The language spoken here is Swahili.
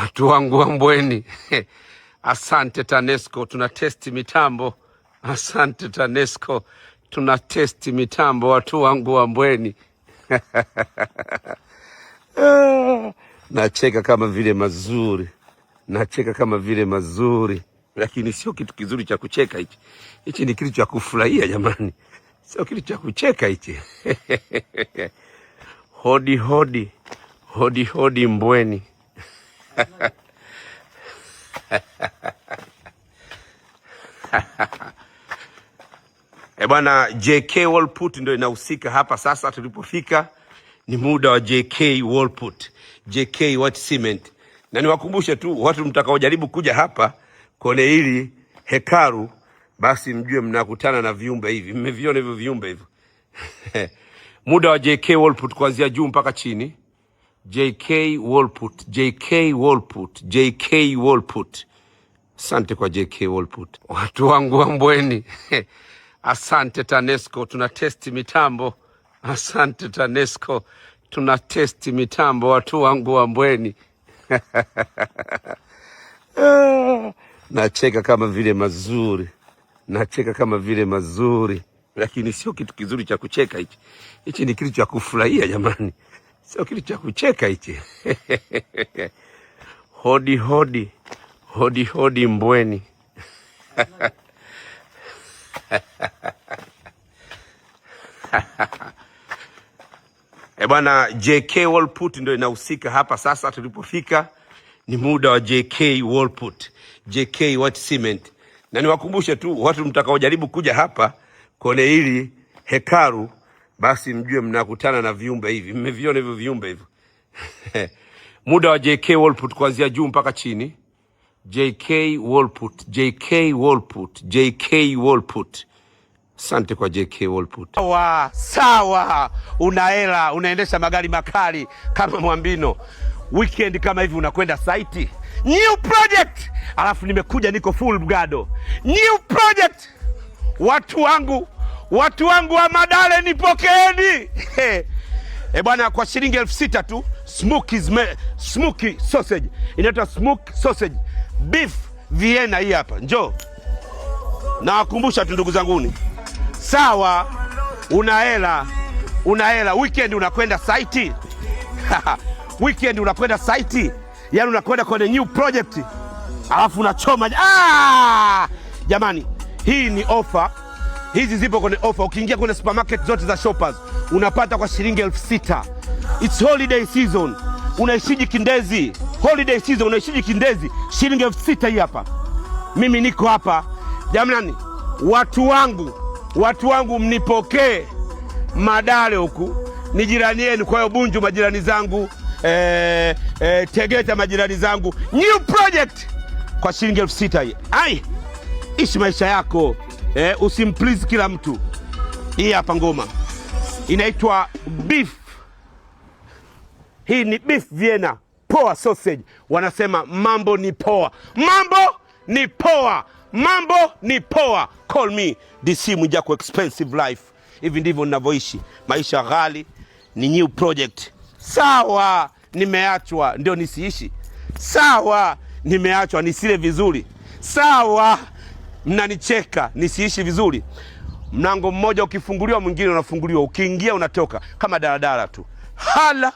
Watu wangu wa Mbweni, asante TANESCO, tuna testi mitambo. Asante TANESCO, tuna testi mitambo, watu wangu wa Mbweni. Nacheka kama vile mazuri, nacheka kama vile mazuri, lakini sio kitu kizuri cha kucheka hichi. Hichi ni kitu cha kufurahia jamani, sio kitu cha kucheka hichi. Hodi hodi hodi hodi Mbweni. E bwana, JK Wallput ndio inahusika hapa sasa. Tulipofika ni muda wa JK Wallput, JK Wat Cement, na niwakumbushe tu watu mtakaojaribu kuja hapa kone hili hekaru, basi mjue mnakutana na viumbe hivi, mmeviona hivyo viumbe hivyo muda wa JK Wallput kuanzia juu mpaka chini. JK Wolput, JK Wolput, JK Wolput. Asante kwa JK Wolput. Watu wangu wa Mbweni. Asante TANESCO, tuna testi mitambo. Asante TANESCO, tuna testi mitambo, watu wangu wa Mbweni. Nacheka kama vile mazuri, nacheka kama vile mazuri, lakini sio kitu kizuri cha kucheka hichi. Hichi ni kitu cha kufurahia jamani. Sio kitu cha kucheka hichi. hodi hodi hodi hodi Mbweni. E bwana, JK Wallput ndio inahusika hapa sasa. Tulipofika ni muda wa JK Wallput, JK White Cement, na niwakumbushe tu watu mtakaojaribu kuja hapa kone hili hekaru basi mjue mnakutana na viumbe hivi, mmeviona hivyo viumbe hivyo muda wa JK Wolput kuanzia juu mpaka chini. JK Wolput, JK Wolput, JK Wolput. Asante kwa JK Wolput. Sawa, sawa, una hela, unaendesha magari makali kama Mwambino. Weekend kama hivi unakwenda saiti new project, alafu nimekuja niko full mgado new project, watu wangu watu wangu wa Madale nipokeeni. E bwana, kwa shilingi elfu sita tu smoky smoky sausage, inaitwa smoky sausage beef Vienna. Hii hapa njo nawakumbusha tu ndugu zanguni. Sawa, una hela, una hela, weekend unakwenda saiti weekend unakwenda saiti yani unakwenda kwenye new project alafu unachoma. Ah, jamani, hii ni ofa hizi zipo kwenye ofa. Ukiingia kwenye supermarket zote za Shoppers unapata kwa shilingi elfu sita. It's holiday season, unaishiji kindezi. Holiday season unaishiji kindezi, shilingi elfu sita hii hapa. Mimi niko hapa jamani, watu wangu, watu wangu, mnipokee Madale huku ni jirani yenu, kwa hiyo Bunju majirani zangu eh, eh, Tegeta majirani zangu, new project kwa shilingi elfu sita hii. Ai, ishi maisha yako eh, usimplease kila mtu. Hii hapa ngoma inaitwa beef. Hii ni beef Vienna poa sausage. Wanasema mambo ni poa, mambo ni poa, mambo ni poa. Call me DC Mwijaku, expensive life. Hivi ndivyo ninavyoishi maisha ghali. Ni new project, sawa. Nimeachwa ndio nisiishi, sawa. Nimeachwa nisile vizuri, sawa mnanicheka nisiishi vizuri. Mlango mmoja ukifunguliwa, mwingine unafunguliwa, ukiingia unatoka, kama daladala tu hala